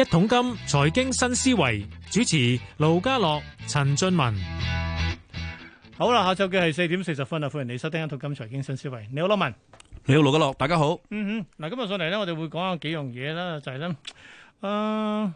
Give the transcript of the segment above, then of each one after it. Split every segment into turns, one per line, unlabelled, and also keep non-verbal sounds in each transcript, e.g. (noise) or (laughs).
一桶金財經新思維，主持盧家樂、陳俊文，好啦，下晝嘅係四點四十分啊！歡迎你收聽《一桶金財經新思維》，你好，俊文，你好，盧家樂，大家好。嗯嗯，嗱，今日上嚟咧，我哋會講下幾樣嘢啦，就係咧，啊，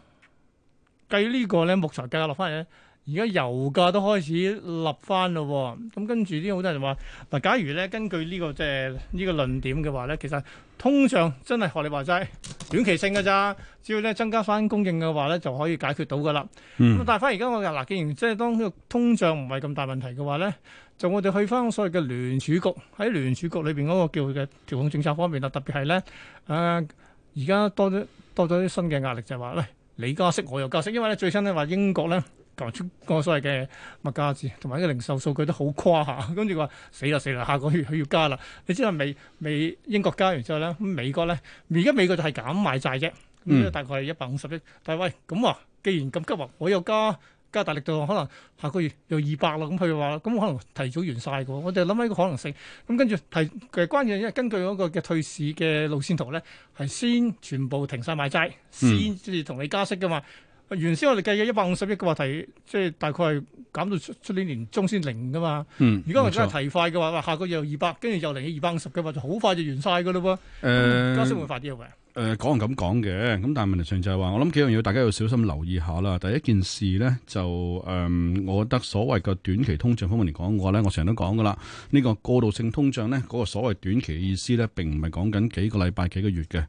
計呢個咧木材價格落翻嚟咧。而家油價都開始立翻咯，咁跟住啲好多人都話：嗱，假如咧根據呢、這個即係呢個論點嘅話咧，其實通脹真係學你話齋短期性嘅咋，只要咧增加翻供應嘅話咧就可以解決到嘅啦。
咁、嗯、
但係翻而家我嗱，既然即係當呢個通脹唔係咁大問題嘅話咧，就我哋去翻所謂嘅聯儲局喺聯儲局裏邊嗰個叫嘅調控政策方面啦，特別係咧誒而家多咗多咗啲新嘅壓力就係話：喂，你加息我又加息，因為咧最新咧話英國咧。講出個所謂嘅物價字，同埋呢個零售數據都好誇下。跟住話死啦死啦，下個月佢要加啦。你知啦，未未英國加完之後咧，美國咧而家美國就係減買債啫，咁、嗯、大概係一百五十億。但係喂，咁啊，既然咁急喎，我又加加大力度，可能下個月又二百啦。咁佢話咁可能提早完晒嘅，我哋諗呢個可能性。咁跟住提嘅關鍵，因為根據嗰個嘅退市嘅路線圖咧，係先全部停晒買債，先至同你加息嘅嘛。原先我哋計嘅一百五十億嘅話題，即係大概係減到出出年年中先零噶嘛。嗯，如果我真係提快嘅話，話錯下個月又二百，跟住又零起二百五十嘅話，就好快就完晒噶咯喎。誒、嗯，家先會快啲嘅喂。嗯
誒、嗯、講係咁講嘅，咁但係問題上就係話，我諗幾樣嘢，大家要小心留意下啦。第一件事呢，就誒、嗯，我覺得所謂嘅短期通脹方面嚟講，我呢，我成日都講㗎啦，呢、這個過渡性通脹呢，嗰、那個所謂短期意思呢，並唔係講緊幾個禮拜、幾個月嘅，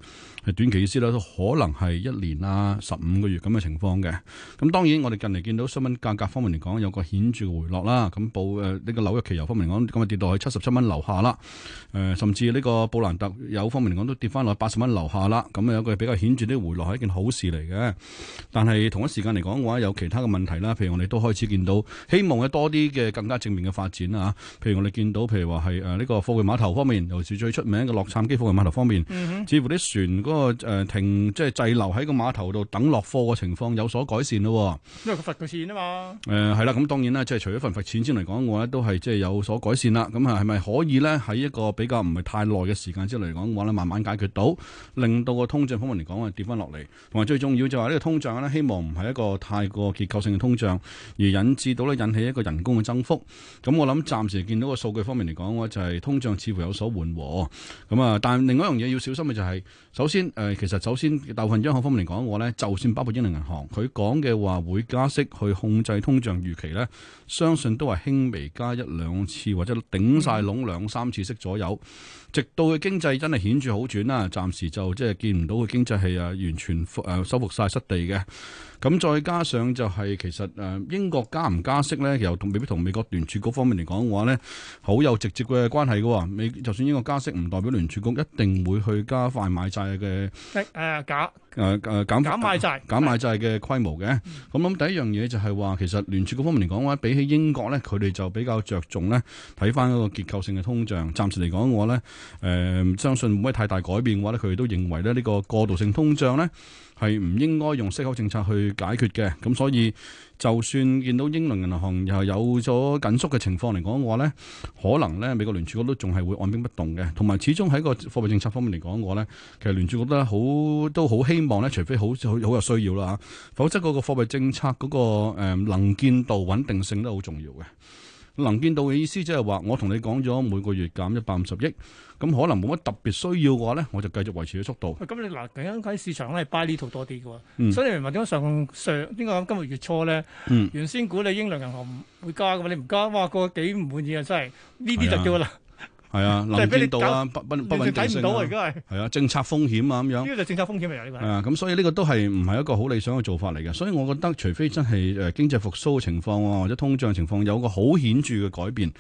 係短期意思呢，都可能係一年啊、十五個月咁嘅情況嘅。咁、嗯、當然，我哋近嚟見到新聞價格方面嚟講，有個顯著回落啦。咁布誒呢個紐約期油方面講，咁啊跌到去七十七蚊樓下啦。誒、呃，甚至呢個布蘭特油方面嚟講都跌返落八十蚊樓下啦。咁啊，有個比較顯著啲回落係一件好事嚟嘅，但係同一時間嚟講嘅話，有其他嘅問題啦。譬如我哋都開始見到，希望有多啲嘅更加正面嘅發展啊。譬如我哋見到，譬如話係誒呢個貨櫃碼頭方面，尤其最出名嘅洛杉磯貨櫃碼頭方面，嗯、哼似乎啲船嗰個誒停，即係滯留喺個碼頭度等落貨嘅情況有所改善咯。因為
佢罰咗錢啊嘛。
誒、呃，係啦，咁當然啦，即係除咗份罰錢先嚟講嘅話，都係即係有所改善啦。咁啊，係咪可以咧喺一個比較唔係太耐嘅時間之嚟講嘅話慢慢解決到令？到個通脹方面嚟講啊，跌返落嚟，同埋最重要就係話呢個通脹咧，希望唔係一個太過結構性嘅通脹，而引致到咧引起一個人工嘅增幅。咁、嗯、我諗暫時見到個數據方面嚟講，我就係、是、通脹似乎有所緩和。咁、嗯、啊，但另外一樣嘢要小心嘅就係、是，首先誒、呃，其實首先大部分央行方面嚟講嘅話咧，就算包括英倫銀行，佢講嘅話會加息去控制通脹預期咧，相信都係輕微加一兩次，或者頂晒籠兩三次息左右。直到佢經濟真係顯著好轉啦，暫時就即係見唔到佢經濟係啊完全復誒收復晒失地嘅。咁再加上就係其實誒英國加唔加息咧，又同未必同美國聯儲局方面嚟講嘅話咧，好有直接嘅關係嘅。美就算英國加息，唔代表聯儲局一定會去加快買債嘅誒減誒誒減減買債減買債嘅規模嘅。咁咁第一樣嘢就係話，其實聯儲局方面嚟講嘅話，比起英國咧，佢哋就比較着重咧睇翻嗰個結構性嘅通脹。暫時嚟講嘅話咧，誒相信冇乜太大改變嘅話咧，佢哋都認為咧呢個過渡性通脹咧。係唔應該用息口政策去解決嘅，咁所以就算見到英倫銀行又有咗緊縮嘅情況嚟講嘅話咧，可能咧美國聯儲局都仲係會按兵不動嘅，同埋始終喺個貨幣政策方面嚟講嘅話咧，其實聯儲局都好都好希望咧，除非好好好有需要啦嚇、啊，否則嗰個貨幣政策嗰個能見度穩定性都好重要嘅。能見到嘅意思即係話，我同你講咗每個月減一百五十億，咁可能冇乜特別需要嘅話咧，我就繼續維持咗速度。
咁你嗱，最近喺市場咧係 buy 呢套多啲嘅喎，所以你明白點解上上應該講今個月初咧，嗯、原先估你英倫銀行唔會加嘅嘛，你唔加，哇、嗰個幾唔滿意啊！真係呢啲就叫啦。係啊，林建道啊，搞北不不不允許睇唔到啊，而家
係。係啊，政策風險啊咁樣。呢個就政
策風險嚟嘅。
係啊，咁、 (laughs) 啊、所以呢個都係唔係一個好理想嘅做法嚟嘅，所以我覺得除非真係誒經濟復甦嘅情況、啊、或者通脹情況有個好顯著嘅改變。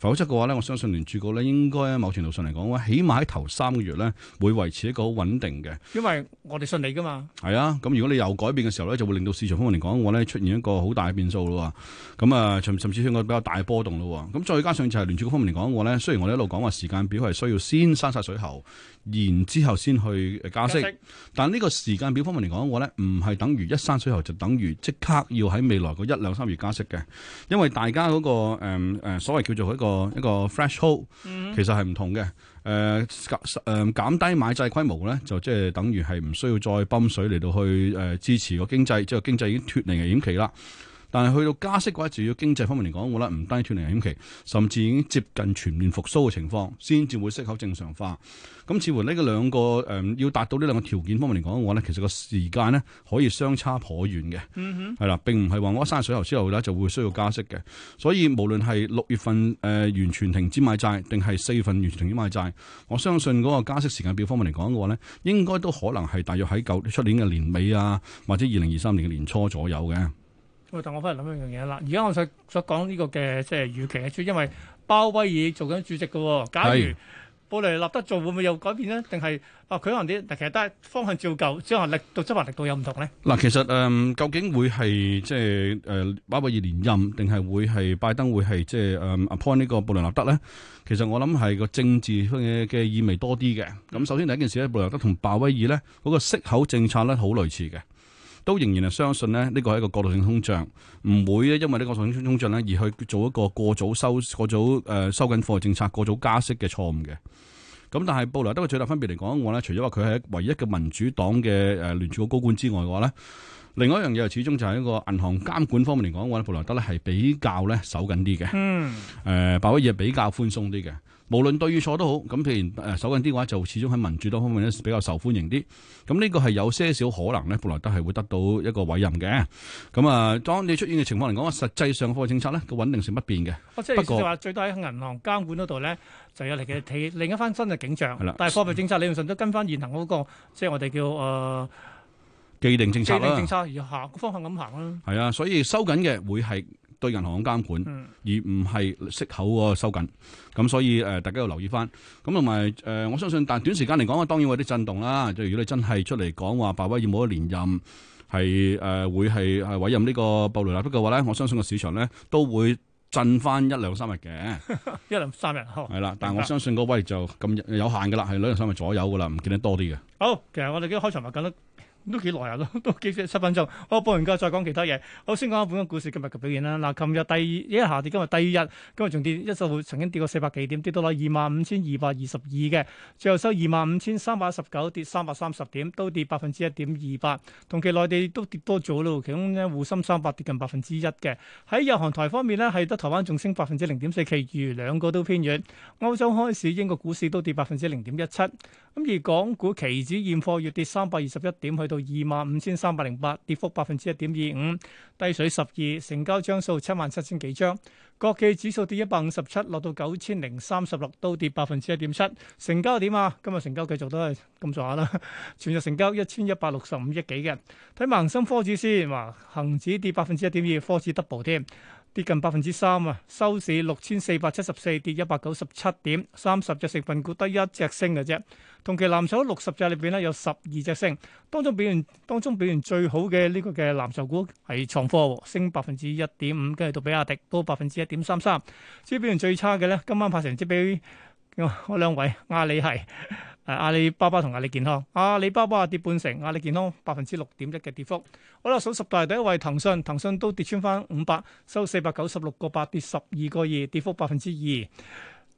否則嘅話咧，我相信聯儲局咧應該某程度上嚟講咧，起碼喺頭三個月咧，會維持一個好穩定嘅。
因為我哋信你噶嘛。
係啊，咁如果你又改變嘅時候咧，就會令到市場方面嚟講，我咧出現一個好大嘅變數咯。咁啊，甚甚至向個比較大嘅波動咯。咁再加上就係聯儲局方面嚟講，我咧雖然我哋一路講話時間表係需要先刪晒水喉。然之後先去加息，加息，但呢個時間表方面嚟講，我咧唔係等於一山水後，就等於即刻要喺未來個一兩三月加息嘅，因為大家嗰、那個誒、呃、所謂叫做一個一個 threshold，嗯、其實係唔同嘅。誒誒減低買債規模咧，就即係等於係唔需要再泵水嚟到去誒、呃、支持個經濟，即係經濟已經脫離危險期啦。但係去到加息嘅話，就要經濟方面嚟講，我咧唔低脫離危險期，甚至已經接近全面復甦嘅情況，先至會適合正常化。咁似乎呢個兩個誒、呃、要達到呢兩個條件方面嚟講嘅話咧，其實個時間咧可以相差頗遠嘅。嗯係哼啦，並唔係話我一生水喉之後咧就會需要加息嘅。所以無論係六月份誒、呃、完全停止買債，定係四月份完全停止買債，我相信嗰個加息時間表方面嚟講嘅話咧，應該都可能係大約喺舊出年嘅年尾啊，或者二零二三年嘅年初左右嘅。
喂，但我翻嚟諗一樣嘢啦。而家我所所講呢個嘅即係預期啊，主要因為鮑威爾做緊主席嘅喎。假如布雷納德做，會唔會有改變咧？定係啊，佢可能啲，但係其實都係方向照舊，只係力度執行力度有唔同咧。
嗱，其實誒，究竟會係即係誒鮑威爾連任，定係會係拜登會係即係誒 appoint 呢個布雷納德咧？其實我諗係個政治嘅嘅意味多啲嘅。咁首先第一件事咧，布雷納德同鮑威爾咧嗰個息口政策咧好類似嘅。都仍然係相信咧，呢個係一個過渡性通脹，唔會咧，因為呢個過渡性通脹咧而去做一個過早收、過早誒收緊貨政策、過早加息嘅錯誤嘅。咁但係布萊德嘅最大分別嚟講嘅話咧，除咗話佢係唯一嘅民主黨嘅誒聯儲局高官之外嘅話咧，另外一樣嘢就始終就係一個銀行監管方面嚟講嘅話咧，布萊德咧係比較咧守緊啲嘅，嗯，誒、呃，鮑威爾係比較寬鬆啲嘅。無論對與錯都好，咁譬如，誒收緊啲嘅話，就始終喺民主多方面咧比較受歡迎啲。咁呢個係有些少可能，咧，布萊德係會得到一個委任嘅。咁、嗯、啊，當你出現嘅情況嚟講，實際上個貨幣政策咧個穩定性不變嘅。不過話
最多喺銀行監管嗰度咧就有嚟嘅睇另一番新嘅景象。的但係貨幣政策理論上都跟翻現行嗰、那個即係、就是、我哋叫誒、呃、
既定政策既定政
策要行個方向咁行啦、
啊。係啊，所以收緊嘅會係。對銀行嘅監管，而唔係息口個收緊，咁、嗯、所以誒、呃，大家要留意翻。咁同埋誒，我相信，但短時間嚟講，當然會有啲震動啦。就如果你真係出嚟講話，鮑威爾冇得連任，係誒、呃、會係係委任呢個布雷納德嘅話咧，我相信個市場咧都會震翻一兩三日嘅。
(laughs) 一兩三日，
係、哦、啦，了但係我相信個威就咁有限㗎啦，係兩日三日左右㗎啦，唔見得多啲嘅。
好，其實我哋嘅開場話咁啦。都幾耐啊！都都幾七分鐘。好，播完夠再講其他嘢。好，先講下本港股市今日嘅表現啦。嗱，琴日第一下跌，今日第二，今日仲跌一週後曾經跌過四百幾點，跌到啦二萬五千二百二十二嘅，最後收二萬五千三百一十九，跌三百三十點，都跌百分之一點二八。同期內地都跌多咗咯，其中咧滬深三百跌近百分之一嘅。喺日韓台方面咧，係得台灣仲升百分之零點四，其餘兩個都偏軟。歐洲開市，英國股市都跌百分之零點一七。咁而港股期指現貨月跌三百二十一點，去到二萬五千三百零八，跌幅百分之一點二五，低水十二，成交張數七萬七千幾張。國企指數跌一百五十七，落到九千零三十六，都跌百分之一點七。成交點啊，今日成交繼續都係咁上下啦，全日成交一千一百六十五億幾嘅。睇埋恒生科指先，哇，恒指跌百分之一點二，科指 double 添。跌近百分之三啊！收市六千四百七十四，跌一百九十七點，三十隻成分股得一隻升嘅啫。同期藍籌六十隻裏邊咧，有十二隻升，當中表現當中表現最好嘅呢個嘅藍籌股係創科，升百分之一點五，跟住到比亞迪都百分之一點三三。至於表現最差嘅咧，今晚拍成績俾我兩位阿里係。阿里巴巴同阿里健康，阿里巴巴跌半成，阿里健康百分之六點一嘅跌幅。好啦，數十大第一位，騰訊，騰訊都跌穿翻五百，收四百九十六個八，跌十二個二，跌幅百分之二。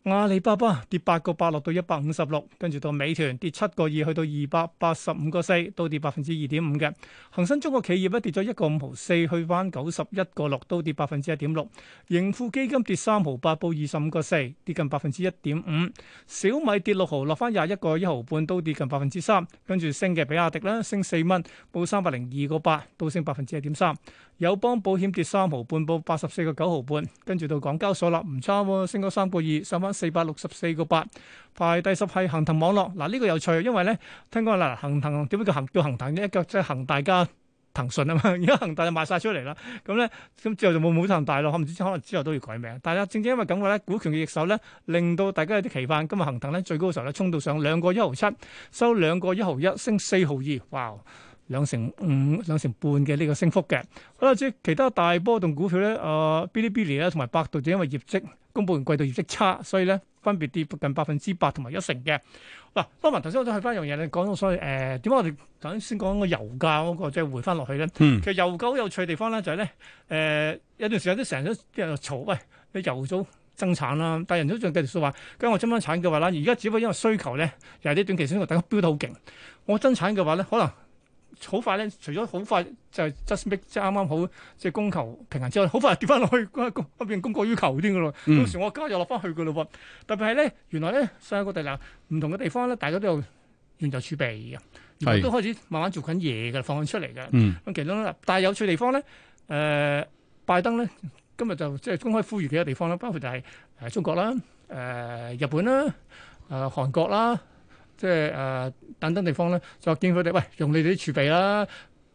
阿里巴巴跌八個八，落到一百五十六，跟住到美團跌七個二，去到二百八十五個四，都跌百分之二點五嘅。恒生中國企業咧跌咗一個五毫四，去翻九十一個六，都跌百分之一點六。盈富基金跌三毫八，報二十五個四，跌近百分之一點五。小米跌六毫，落翻廿一個一毫半，都跌近百分之三。跟住升嘅比亞迪咧，升四蚊，報三百零二個八，都升百分之一點三。友邦保險跌三毫半，報八十四個九毫半。跟住到港交所啦，唔差喎、哦，升咗三個二，十蚊。四百六十四個八，排第十係恒騰網絡。嗱呢個有趣，因為咧聽講啦，恒騰點解叫恒叫恒騰？一叫即係恒大加,大加騰訊啊嘛。而家恒大就賣晒出嚟啦，咁咧咁之後就冇冇恒大咯。可唔知可能之後都要改名。但係啊，正正因為咁話咧，股權嘅逆手咧，令到大家有啲期盼。今日恒騰咧最高嘅時候咧衝到上兩個一毫七，收兩個一毫一，升四毫二。哇！兩成五、兩成半嘅呢個升幅嘅。好啦，至於其他大波動股票咧，啊，Bilibili 啦，同埋百度，就因為業績公佈完季度業績差，所以咧分別跌近百分之八同埋一成嘅。嗱，阿文頭先我都睇翻一樣嘢，你講到所謂誒點解我哋頭先先講個油價嗰、那個，即係回翻落去咧。嗯、其實油價好有趣嘅地方咧，就係、是、咧，誒、呃、有段時間都成日啲人嘈，喂，你油早增產啦、啊，但係人都仲繼續説話，跟我增翻產嘅話啦，而家只不過因為需求咧，又係啲短期需求，大家飆得好勁，我增產嘅話咧，可能。好快咧，除咗好快就是、j 即係啱啱好，即、就、係、是、供求平衡之後，好快又跌翻落去，嗰個不變供過於求啲嘅咯。到、嗯、時我家又落翻去嘅咯喎。特別係咧，原來咧，世界個地嚟唔同嘅地方咧，大家都有現就儲備嘅，都開始慢慢做緊嘢嘅，放佢出嚟嘅。咁、嗯、其中啦，但係有趣地方咧，誒、呃，拜登咧今日就即係公開呼籲幾個地方啦，包括就係誒中國啦、誒、呃、日本啦、誒、呃、韓國啦。即係誒、呃、等等地方咧，就見佢哋喂，用你哋啲儲備啦，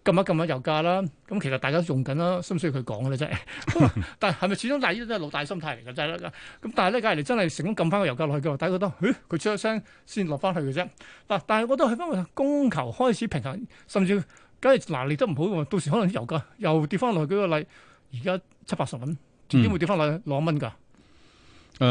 撳一撳下油價啦。咁其實大家都用緊啦，需唔需要佢講嘅啫？但係咪始終大姨都係老大心態嚟嘅，真係啦。咁但係咧，假如你真係成功撳翻個油價落去嘅話，大家覺得，咦，佢出咗聲先落翻去嘅啫。嗱，但係我覺得係翻個供求開始平衡，甚至梗係拿捏得唔好喎？到時可能啲油價又跌翻落去，舉個例，而家七八十蚊，點會跌翻落去落蚊㗎？
誒，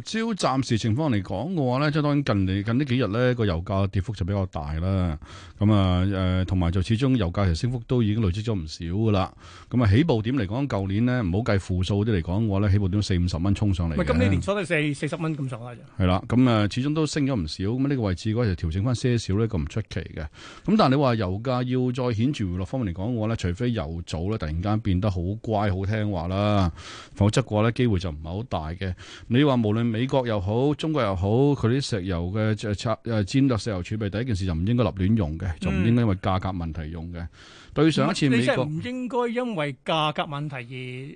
照暫、呃、時情況嚟講嘅話咧，即係當然近嚟近幾呢幾日咧，個油價跌幅就比較大啦。咁、嗯、啊，誒同埋就始終油價其實升幅都已經累積咗唔少嘅啦。咁、嗯、啊，起步點嚟講，舊年呢唔好計負數啲嚟講嘅話咧，起步點四五十蚊衝上嚟。咁你年
初都四四十蚊咁上下
啫。係啦，咁、嗯、啊、嗯、始終都升咗唔少。咁、這、呢個位置嘅話調整翻些少咧，咁唔出奇嘅。咁、嗯、但係你話油價要再顯著回落方面嚟講嘅話咧，除非油組咧突然間變得好乖好聽話啦，否則嘅話咧機會就唔係好大嘅。你話無論美國又好，中國又好，佢啲石油嘅戰略石油儲備，第一件事就唔應該立亂用嘅，嗯、就唔應該因為價格問題用嘅。對上一次美國，嗯、
唔應該因為價格問題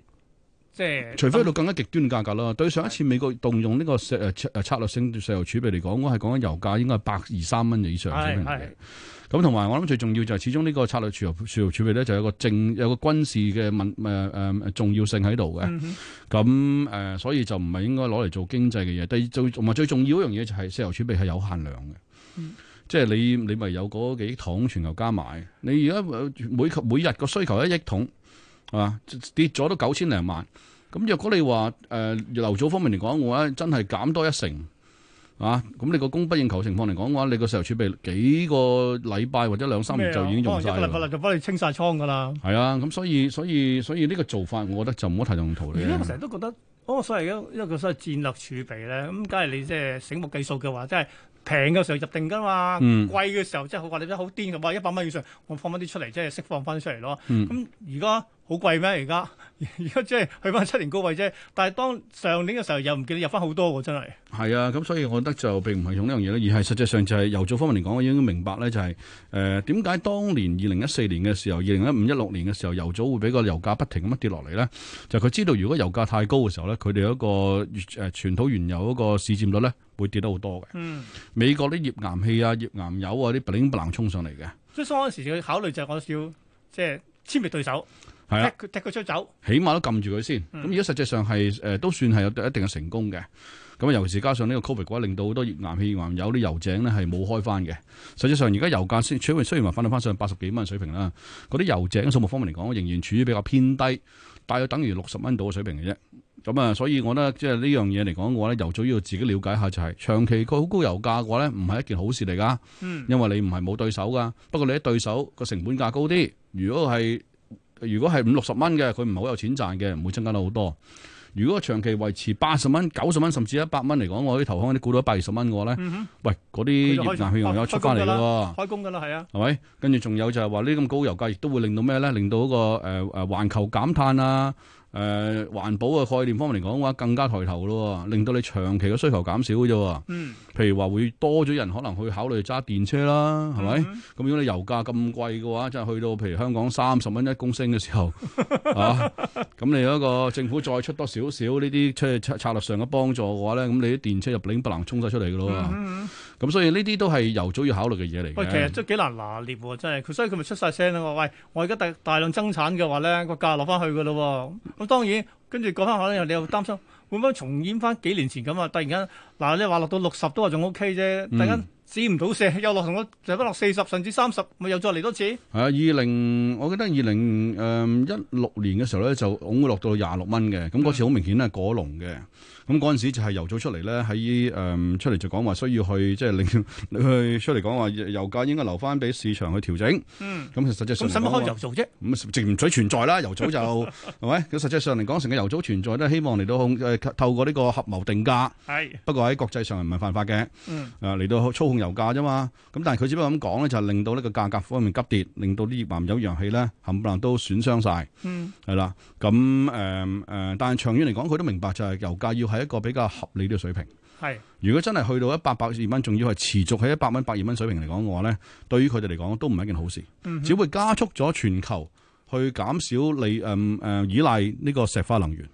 而。即係，除非到
更加極端嘅價格咯。嗯、對上一次美國動用呢個誒策誒策略性石油儲備嚟講，我係講緊油價應該係百二三蚊以上水平嘅。咁同埋我諗最重要就係，始終呢個策略儲油儲油儲備咧，就有一個正，有個軍事嘅問誒誒重要性喺度嘅。咁誒、嗯哼呃，所以就唔係應該攞嚟做經濟嘅嘢。第二最同埋最重要一樣嘢就係石油儲備係有限量嘅。即係、嗯、你你咪有嗰幾桶全球加埋。你而家每每日個需求一億桶。係跌咗都九千零萬，咁若果你話誒，油、呃、組方面嚟講，嘅話真係減多一成，啊，咁你個供不應求情況嚟講嘅話，你個石油儲備幾個禮拜或者兩三年就已經用晒，哦，可能一粒
粒就幫你清晒倉噶啦。
係啊，咁所以所以所以呢個做法，我覺得就唔好太用途你成日
都覺得，哦，所謂一個所謂戰略儲備咧，咁梗係你即係醒目計數嘅話，即係平嘅時候入定噶嘛，貴嘅、嗯、時候即係我話你好癲嘅，哇、就是，一百蚊以上我放翻啲出嚟，即係釋放翻出嚟咯。咁而家。嗯好貴咩？而家而家即係去翻七年高位啫。但係當上年嘅時候又唔見入翻好多喎，真係。
係啊，咁所以我覺得就並唔係用呢樣嘢咯，而係實際上就係油組方面嚟講，我已經明白咧、就是，就係誒點解當年二零一四年嘅時候、二零一五一六年嘅時候，油組會俾個油價不停咁樣跌落嚟咧。就佢、是、知道，如果油價太高嘅時候咧，佢哋一個誒傳統原油嗰個市佔率咧會跌得好多嘅。嗯。美國啲頁岩氣啊、頁岩油啊啲不靈冷衝上嚟嘅。
所以嗰陣時要考慮就係我要、就是、即係殲滅對手。係，踢佢踢佢出走，
起碼都撳住佢先。咁而家實際上係，誒、呃，都算係有一定嘅成功嘅。咁啊，尤其是加上呢個 COVID 嘅令到好多頁岩氣有啲油井咧係冇開翻嘅。實際上而家油價雖雖然話反到翻上八十幾蚊水平啦，嗰啲油井數目方面嚟講，仍然處於比較偏低，大約等於六十蚊到嘅水平嘅啫。咁啊，所以我覺得即係呢樣嘢嚟講嘅話咧，油早要自己了解下就係、是，長期佢好高，高油價嘅話咧，唔係一件好事嚟噶。嗯、因為你唔係冇對手噶，不過你啲對手個成本價高啲，如果係。如果係五六十蚊嘅，佢唔係好有錢賺嘅，唔會增加到好多。如果長期維持八十蚊、九十蚊，甚至一百蚊嚟講，我啲投行嗰啲估到一百二十蚊嘅話咧，嗯、哼喂，嗰啲頁岩氣又有出翻嚟嘅喎，開
工㗎啦，係
啊，係咪？跟住仲有就係話呢咁高油價，亦都會令到咩咧？令到一個誒誒、呃、環球減碳啊！誒、呃、環保嘅概念方面嚟講嘅話，更加抬頭咯，令到你長期嘅需求減少嘅啫。嗯，譬如話會多咗人可能去考慮揸電車啦，係咪？咁如果你油價咁貴嘅話，真係去到譬如香港三十蚊一公升嘅時候， (laughs) 啊，咁你個政府再出多少少呢啲出策策略上嘅幫助嘅話咧，咁你啲電車入檯不能衝晒出嚟嘅咯。嗯嗯嗯咁所以呢啲都係由早要考慮嘅嘢嚟嘅。喂，其實
都幾難拿捏喎，真係佢，所以佢咪出晒聲咯。喂，我而家大大量增產嘅話咧，個價落翻去噶咯。咁當然跟住過翻可能，你又擔心會唔會重演翻幾年前咁啊？突然間嗱，你話落到六十都話仲 OK 啫，突然間。止唔到跌，又落同我掉翻落四十甚至三十，咪又再嚟多次？
係啊，二零我記得二零誒一六年嘅時候咧，就五會落到到廿六蚊嘅。咁嗰次好明顯係過龍嘅。咁嗰陣時就係油組出嚟咧，喺誒出嚟就講話需要去即係令去出嚟講話油價應該留翻俾市場去調整。嗯，咁其實實際上咁使乜開油組啫？咁潛水存在啦，油組就係咪？咁實際上嚟講，成個油組存在都希望嚟到控誒透過呢個合謀定價。
係。
不過喺國際上唔係犯法嘅。嗯。啊，嚟到操控油價啫嘛，咁但係佢只不過咁講咧，就是，令到呢個價格方面急跌，令到啲頁岩油、頁岩氣咧，冚唪唥都損傷晒。嗯，係啦，咁誒誒，但係長遠嚟講，佢都明白就係油價要係一個比較合理嘅水平。係是，如果真係去到一百百二蚊，仲要係持續喺一百蚊、百二蚊水平嚟講嘅話咧，對於佢哋嚟講都唔係一件好事，嗯、哼只會加速咗全球去減少你誒誒、呃呃、依賴呢個石化能源。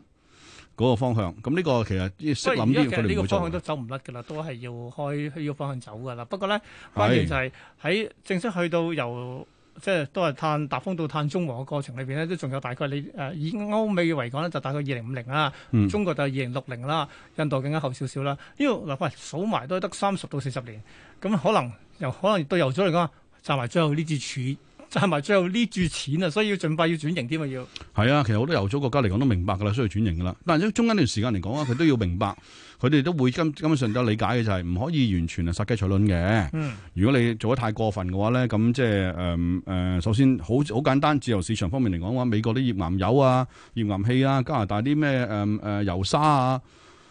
嗰個方向，咁呢個其實即係諗呢個方向
都走唔甩嘅啦，都係要開呢個方向走嘅啦。不過咧，關鍵就係、是、喺是正式去到由即係都係碳達峰到碳中和嘅過程裏邊咧，都仲有大概你誒、呃、以歐美為講咧，就大概二零五零啦，嗯、中國就二零六零啦，印度更加後少少啦。呢個嗱喂，數埋都係得三十到四十年，咁可能由可能都由咗嚟講，站埋最後呢支柱。賺埋最後呢注錢啊，所以要盡快要轉型添啊，要
係啊，其實好多油組國家嚟講都明白噶啦，需要轉型噶啦。但係喺中間段時間嚟講啊，佢都要明白，佢哋都會根根本上都理解嘅就係、是、唔可以完全係殺雞取卵嘅。嗯，如果你做得太過分嘅話咧，咁即係誒誒，首先好好簡單自由市場方面嚟講啊，美國啲頁岩油啊、頁岩氣啊，加拿大啲咩誒誒油砂啊。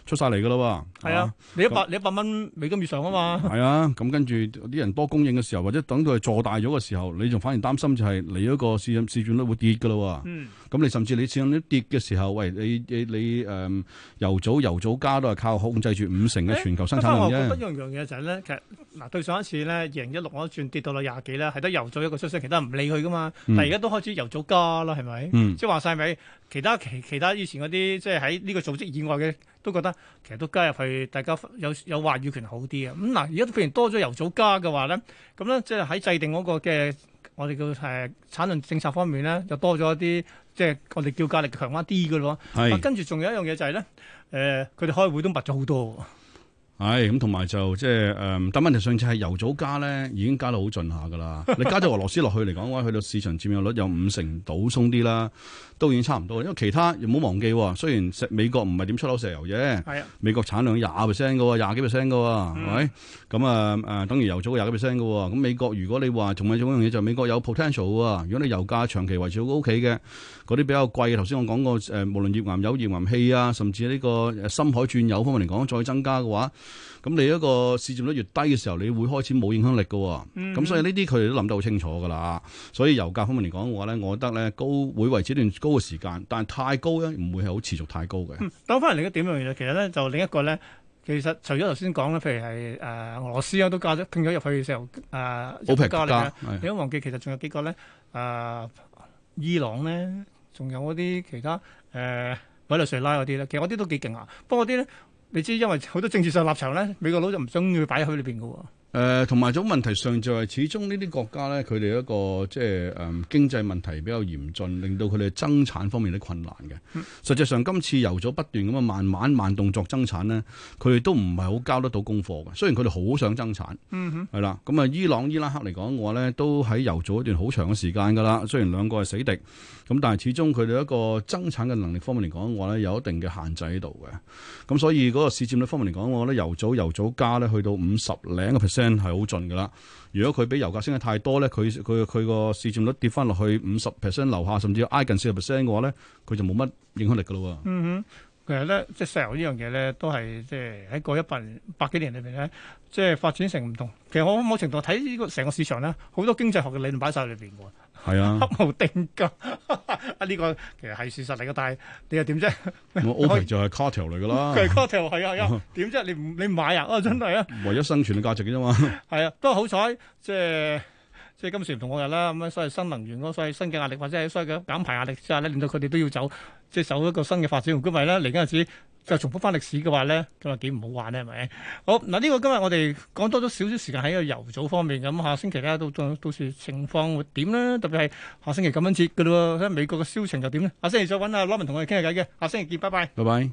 出晒嚟噶咯喎！係啊，
啊你一百那你一百蚊美金以上啊嘛！
係啊，咁跟住啲人多供應嘅時候，或者等佢係坐大咗嘅時候，你仲反而擔心就係嚟咗個市佔市佔率會跌噶咯喎！嗯，咁你甚至你市跌嘅時候，喂，你你你誒油、呃、早由早加都係靠控制住五成嘅全球生產量。啫、欸。我
覺得一樣嘢就係咧，其實。嗱，對上一次咧，二零一六我都轉跌到啦廿幾啦，係得油組一個出聲，其他唔理佢噶嘛。嗯、但係而家都開始油組加啦，係咪？嗯、即係話晒咪，其他其其他以前嗰啲即係喺呢個組織以外嘅，都覺得其實都加入去，大家有有話語權好啲嘅。咁、嗯、嗱，而家譬如多咗油組加嘅話咧，咁咧即係喺制定嗰個嘅我哋叫誒、呃、產量政策方面咧，就多咗啲即係我哋叫價力強翻啲嘅咯。係是、啊。跟住仲有一樣嘢就係、是、咧，誒佢哋開會都密咗好多。
係咁，同埋、哎嗯、就即係誒，但問題上次係油組加咧，已經加到好盡下噶啦。你加咗俄羅斯落去嚟講，哇， (laughs) 去到市場佔有率有五成，倒鬆啲啦，都已經差唔多。因為其他又唔好忘記、哦，雖然石美國唔係點出口石油啫，啊、美國產量廿 percent 嘅，廿幾 percent 嘅，係咪，哦？咁啊、嗯，誒、嗯，等於油組廿幾 percent 嘅。咁、哦、美國如果你話仲係一種嘢，就美國有 potential 嘅。如果你油價長期維持屋企嘅，嗰啲比較貴嘅，頭先我講過誒、呃，無論頁岩油、頁岩氣啊，甚至呢個深海鑽油方面嚟講，再增加嘅話，咁你一個市占率越低嘅時候，你會開始冇影響力噶、哦。咁、嗯、所以呢啲佢哋都諗得好清楚噶啦。所以油價方面嚟講嘅話咧，我覺得咧高會維持一段高嘅時間，但係太高咧唔會係好持續太高嘅。
講翻另一個點嘅原因，其實咧就另一個咧，其實除咗頭先講咧，譬如係誒、呃、俄羅斯進進、呃、啊都加咗，傾咗入去嘅時候誒，好平價。你都忘記其實仲有幾個咧誒、呃、伊朗咧，仲有嗰啲其他誒委內、呃、瑞拉嗰啲咧，其實嗰啲都幾勁啊。不過啲咧。你知，因為好多政治上立場咧，美國佬就唔中意佢擺喺佢裏邊噶喎。
誒同埋種問題上就係，始終呢啲國家咧，佢哋一個即係誒、嗯、經濟問題比較嚴峻，令到佢哋增產方面都困難嘅。嗯、實際上今次油早不斷咁啊，慢慢慢動作增產咧，佢哋都唔係好交得到功課嘅。雖然佢哋好想增產，係啦、嗯哼。咁啊、嗯，伊朗伊拉克嚟講嘅話咧，都喺油早一段好長嘅時間㗎啦。雖然兩個係死敵，咁但係始終佢哋一個增產嘅能力方面嚟講嘅話咧，有一定嘅限制喺度嘅。咁所以嗰個市佔率方面嚟講，我覺得油早油早加咧，去到五十零個 percent percent 係好盡㗎啦，如果佢俾油價升得太多咧，佢佢佢個市佔率跌翻落去五十 percent 樓下，甚至要挨近四十 percent 嘅話咧，佢就冇乜影響力㗎咯喎。嗯哼。
其實咧，即係石油呢樣嘢咧，都係即係喺個一百年百幾年裏邊咧，即係發展成唔同。其實我某程度睇呢個成個市場咧，好多經濟學嘅理論擺晒喺裏邊喎。係啊，黑無定價 (laughs) 啊呢個其實係事實嚟嘅，但係你又點啫？我 OPEC
就係 cartel 嚟㗎啦。cartel 係啊，啊，
點啫？ (laughs) 你唔你買啊？啊真係啊！
唯一生存嘅價值㗎嘛。
係 (laughs) 啊， (laughs) 都好彩即係。即係今時唔同往日啦，咁樣所謂新能源嗰，所以新嘅壓力或者係所謂嘅減排壓力之下咧，令到佢哋都要走，即係走一個新嘅發展。唔係咧，嚟緊日子就重複翻歷史嘅話咧，咁啊幾唔好玩咧，係咪？好嗱，呢個今日我哋講多咗少少時間喺個油組方面咁，下星期咧到到到時情況會點啦，特別係下星期感恩節嘅咯喎，睇下美國嘅銷情又點咧。下星期再揾阿羅文同我哋傾下偈嘅，下星期見，拜拜，
拜拜。